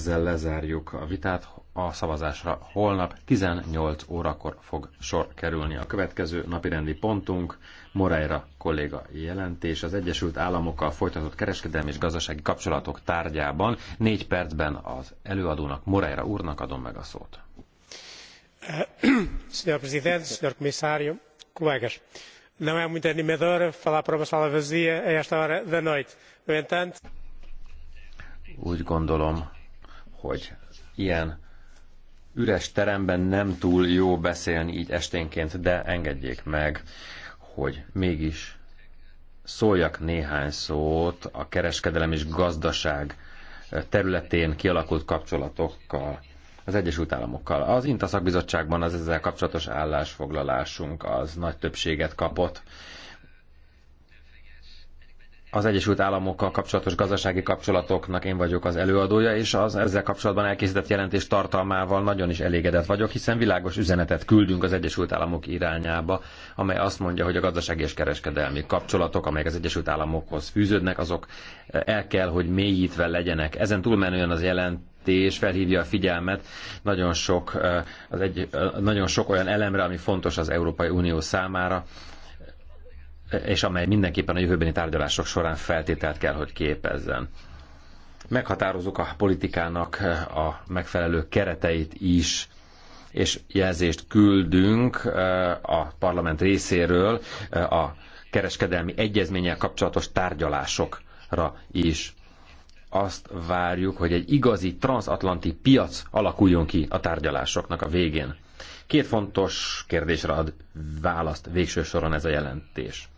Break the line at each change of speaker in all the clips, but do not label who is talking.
ezzel lezárjuk a vitát. A szavazásra holnap 18 órakor fog sor kerülni. A következő napirendi pontunk Moreira kolléga jelentés az Egyesült Államokkal folytatott kereskedelmi és gazdasági kapcsolatok tárgyában. Négy percben az előadónak, Moreira úrnak adom meg a szót.
Senhor
Presidente, Senhor Comissário, colegas, não é muito animador falar para uma sala vazia a esta hora da noite. No entanto, úgy gondolom, hogy ilyen üres teremben nem túl jó beszélni így esténként, de engedjék meg, hogy mégis szóljak néhány szót a kereskedelem és gazdaság területén kialakult kapcsolatokkal az Egyesült Államokkal. Az INTA szakbizottságban az ezzel kapcsolatos állásfoglalásunk az nagy többséget kapott, az Egyesült Államokkal kapcsolatos gazdasági kapcsolatoknak én vagyok az előadója, és az ezzel kapcsolatban elkészített jelentés tartalmával nagyon is elégedett vagyok, hiszen világos üzenetet küldünk az Egyesült Államok irányába, amely azt mondja, hogy a gazdasági és kereskedelmi kapcsolatok, amelyek az Egyesült Államokhoz fűződnek, azok eh, el kell, hogy mélyítve legyenek. Ezen túlmenően az jelent és felhívja a figyelmet nagyon sok, eh, az egy, eh, nagyon sok olyan elemre, ami fontos az Európai Unió számára, és amely mindenképpen a jövőbeni tárgyalások során feltételt kell, hogy képezzen. Meghatározok a politikának a megfelelő kereteit is, és jelzést küldünk eh, a parlament részéről eh, a kereskedelmi egyezménnyel kapcsolatos tárgyalásokra is. Azt várjuk, hogy egy igazi transatlanti piac alakuljon ki a tárgyalásoknak a végén. Két fontos kérdésre ad választ végső soron ez a jelentés.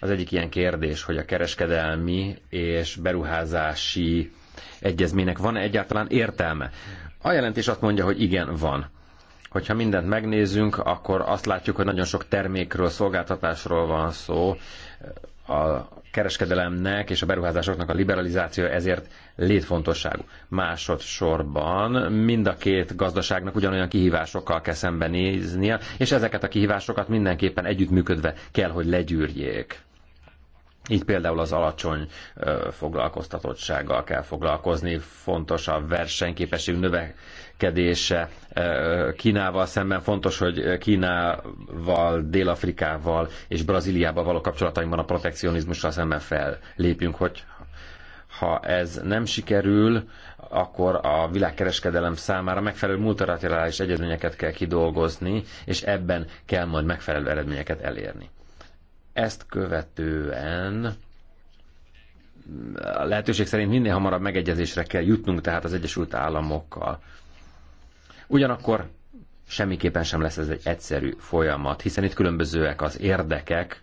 Az egyik ilyen kérdés, hogy a kereskedelmi és beruházási egyezménynek van -e egyáltalán értelme? A jelentés azt mondja, hogy igen, van. Hogyha mindent megnézünk, akkor azt látjuk, hogy nagyon sok termékről, szolgáltatásról van szó. A kereskedelemnek és a beruházásoknak a liberalizáció ezért létfontosságú. Másodszorban mind a két gazdaságnak ugyanolyan kihívásokkal kell szembenéznie, és ezeket a kihívásokat mindenképpen együttműködve kell, hogy legyűrjék így például az alacsony foglalkoztatottsággal kell foglalkozni, fontos a versenyképesség növekedése Kínával szemben, fontos, hogy Kínával, Dél-Afrikával és Brazíliával való kapcsolatainkban a protekcionizmussal szemben fellépjünk, hogy ha ez nem sikerül, akkor a világkereskedelem számára megfelelő multilaterális egyezményeket kell kidolgozni, és ebben kell majd megfelelő eredményeket elérni. Ezt követően a lehetőség szerint minél hamarabb megegyezésre kell jutnunk tehát az Egyesült Államokkal. Ugyanakkor semmiképpen sem lesz ez egy egyszerű folyamat, hiszen itt különbözőek az érdekek,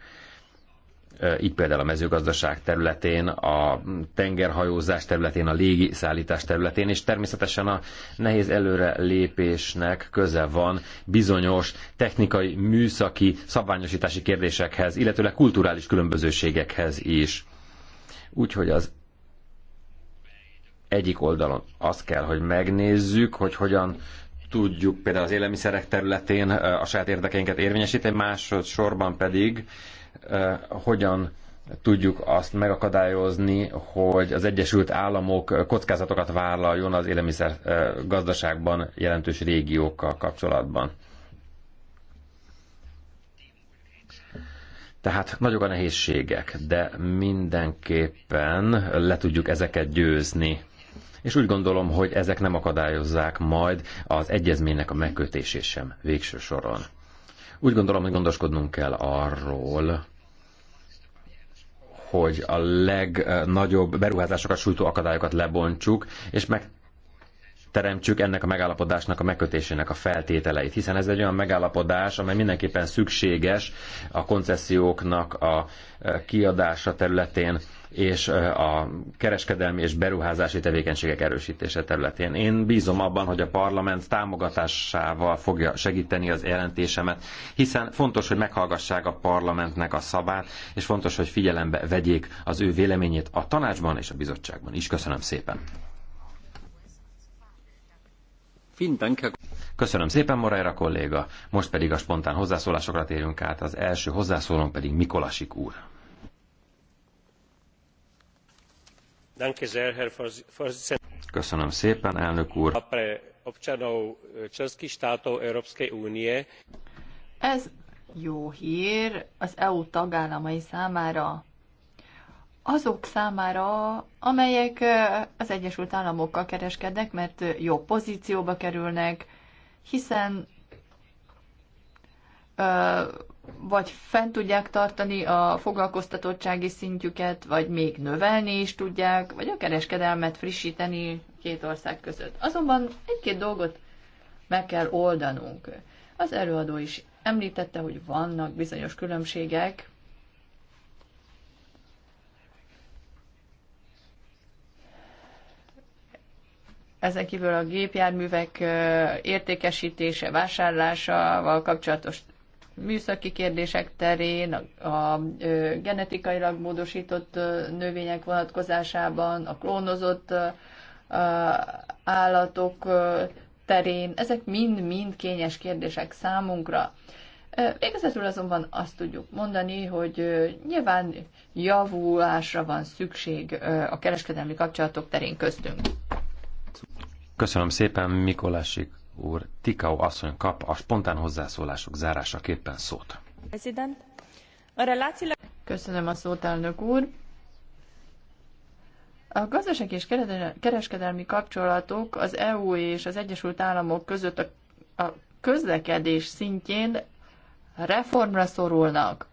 így például a mezőgazdaság területén, a tengerhajózás területén, a légi szállítás területén, és természetesen a nehéz előre lépésnek köze van bizonyos technikai, műszaki, szabványosítási kérdésekhez, illetőleg kulturális különbözőségekhez is. Úgyhogy az egyik oldalon azt kell, hogy megnézzük, hogy hogyan tudjuk például az élelmiszerek területén a saját érdekeinket érvényesíteni, másodszorban pedig Eh, hogyan tudjuk azt megakadályozni, hogy az Egyesült Államok kockázatokat vállaljon az élelmiszer eh, gazdaságban jelentős régiókkal kapcsolatban. Tehát nagyok a nehézségek, de mindenképpen le tudjuk ezeket győzni. És úgy gondolom, hogy ezek nem akadályozzák majd az egyezménynek a megkötését sem végső soron. Úgy gondolom, hogy gondoskodnunk kell arról, hogy a legnagyobb beruházásokat sújtó akadályokat lebontsuk, és meg teremtsük ennek a megállapodásnak a megkötésének a feltételeit, hiszen ez egy olyan megállapodás, amely mindenképpen szükséges a koncesszióknak a kiadása területén és a kereskedelmi és beruházási tevékenységek erősítése területén. Én bízom abban, hogy a parlament támogatásával fogja segíteni az jelentésemet, hiszen fontos, hogy meghallgassák a parlamentnek a szabát, és fontos, hogy figyelembe vegyék az ő véleményét a tanácsban és a bizottságban is. Köszönöm szépen! Köszönöm szépen, Morajra kolléga. Most pedig a spontán hozzászólásokra térünk át. Az első hozzászólón pedig Mikolasik úr. Köszönöm szépen,
Ez jó hír az EU tagállamai számára, azok számára, amelyek az Egyesült Államokkal kereskednek, mert jó pozícióba kerülnek, hiszen vagy fent tudják tartani a foglalkoztatottsági szintjüket, vagy még növelni is tudják, vagy a kereskedelmet frissíteni két ország között. Azonban egy-két dolgot meg kell oldanunk. Az előadó is említette, hogy vannak bizonyos különbségek, Ezen kívül a gépjárművek értékesítése, vásárlásával kapcsolatos műszaki kérdések terén, a, genetikailag módosított növények vonatkozásában, a klónozott állatok terén, ezek mind-mind kényes kérdések számunkra. Végezetül azonban azt tudjuk mondani, hogy nyilván javulásra van szükség a kereskedelmi kapcsolatok terén köztünk.
Köszönöm szépen, Mikolásik úr, Tikau asszony kap a spontán hozzászólások
zárásaképpen szót. Köszönöm a szót, elnök úr. A gazdaság és kereskedelmi kapcsolatok az EU és az Egyesült Államok között a, a közlekedés szintjén reformra szorulnak.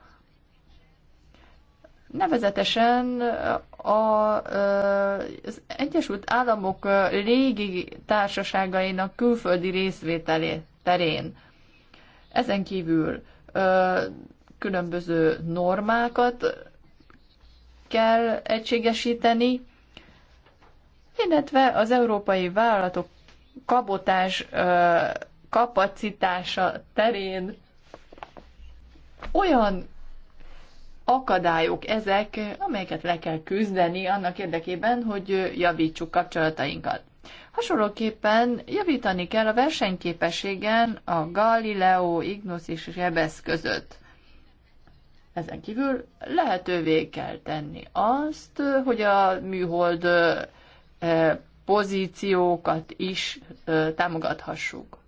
Nevezetesen a, az Egyesült Államok régi társaságainak külföldi részvételé terén. Ezen kívül különböző normákat kell egységesíteni, illetve az európai vállalatok kabotás kapacitása terén olyan akadályok ezek, amelyeket le kell küzdeni annak érdekében, hogy javítsuk kapcsolatainkat. Hasonlóképpen javítani kell a versenyképességen a Galileo, Ignus és Rebesz között. Ezen kívül lehetővé kell tenni azt, hogy a műhold pozíciókat is támogathassuk.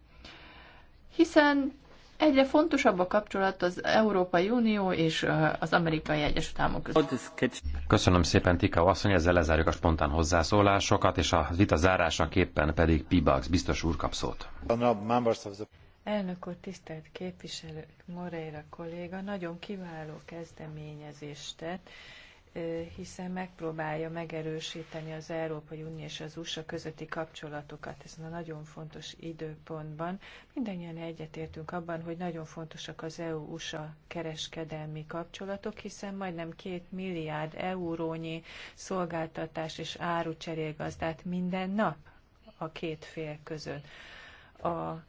Hiszen Egyre fontosabb a kapcsolat az Európai Unió és az Amerikai Egyesült Államok között.
Köszönöm szépen, Tika asszony, ezzel lezárjuk a spontán hozzászólásokat, és a vita zárásaképpen pedig Pibax biztos úr kap szót.
Elnök úr, tisztelt képviselők, Moreira kolléga nagyon kiváló kezdeményezést tett, hiszen megpróbálja megerősíteni az Európai Unió és az USA közötti kapcsolatokat ezen a nagyon fontos időpontban. Mindannyian egyetértünk abban, hogy nagyon fontosak az EU-USA kereskedelmi kapcsolatok, hiszen majdnem két milliárd eurónyi szolgáltatás és cserélgazdát minden nap a két fél között. A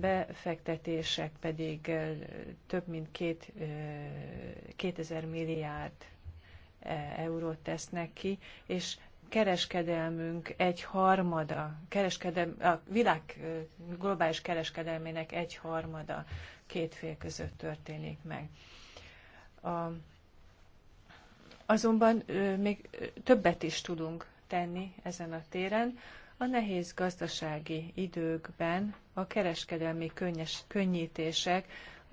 befektetések pedig több mint két, 2000 milliárd eurót tesznek ki, és kereskedelmünk egy harmada, kereskedel, a világ globális kereskedelmének egy harmada két fél között történik meg. A, azonban még többet is tudunk tenni ezen a téren. A nehéz gazdasági időkben a kereskedelmi könnyes, könnyítések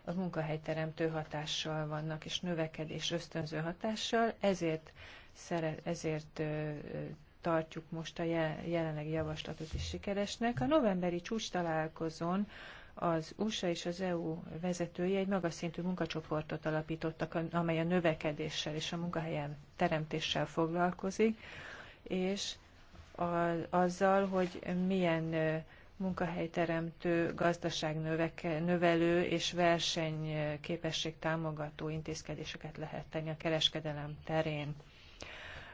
a munkahelyteremtő hatással vannak, és növekedés ösztönző hatással, ezért, szeret, ezért tartjuk most a jelenlegi javaslatot is sikeresnek. A novemberi csúcs találkozón az USA és az EU vezetői egy magas szintű munkacsoportot alapítottak, amely a növekedéssel és a munkahelyen teremtéssel foglalkozik, és a, azzal, hogy milyen munkahelyteremtő, gazdaságnövelő és versenyképesség támogató intézkedéseket lehet tenni a kereskedelem terén.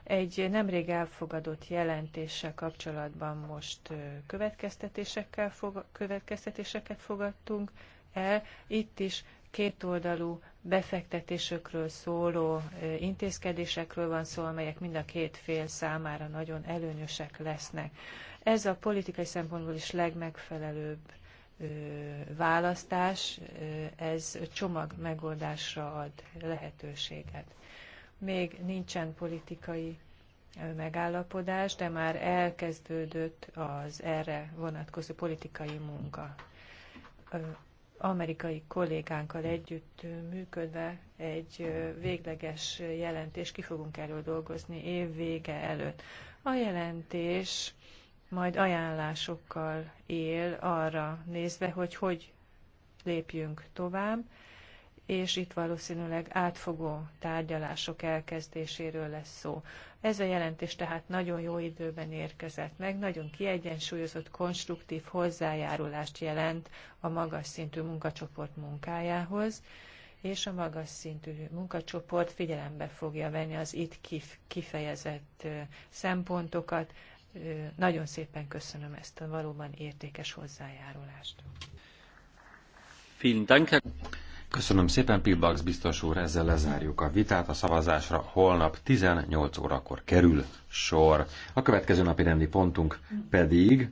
Egy nemrég elfogadott jelentéssel kapcsolatban most következtetésekkel fog, következtetéseket fogadtunk el. Itt is kétoldalú befektetésekről szóló intézkedésekről van szó, amelyek mind a két fél számára nagyon előnyösek lesznek. Ez a politikai szempontból is legmegfelelőbb választás, ez csomag megoldásra ad lehetőséget. Még nincsen politikai megállapodás, de már elkezdődött az erre vonatkozó politikai munka amerikai kollégánkkal együtt működve egy végleges jelentés ki fogunk erről dolgozni év vége előtt. A jelentés majd ajánlásokkal él arra nézve, hogy hogy lépjünk tovább, és itt valószínűleg átfogó tárgyalások elkezdéséről lesz szó. Ez a jelentés tehát nagyon jó időben érkezett meg, nagyon kiegyensúlyozott, konstruktív hozzájárulást jelent a magas szintű munkacsoport munkájához, és a magas szintű munkacsoport figyelembe fogja venni az itt kifejezett szempontokat. Nagyon szépen köszönöm ezt a valóban értékes hozzájárulást.
Vielen Dank. Köszönöm szépen, Pilbax biztos úr, ezzel lezárjuk a vitát. A szavazásra holnap 18 órakor kerül sor. A következő napi rendi pontunk pedig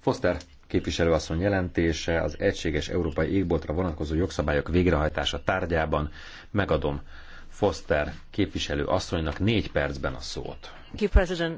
Foster képviselőasszony jelentése az egységes európai égboltra vonatkozó jogszabályok végrehajtása tárgyában. Megadom Foster képviselő asszonynak négy percben a szót. Thank you, President.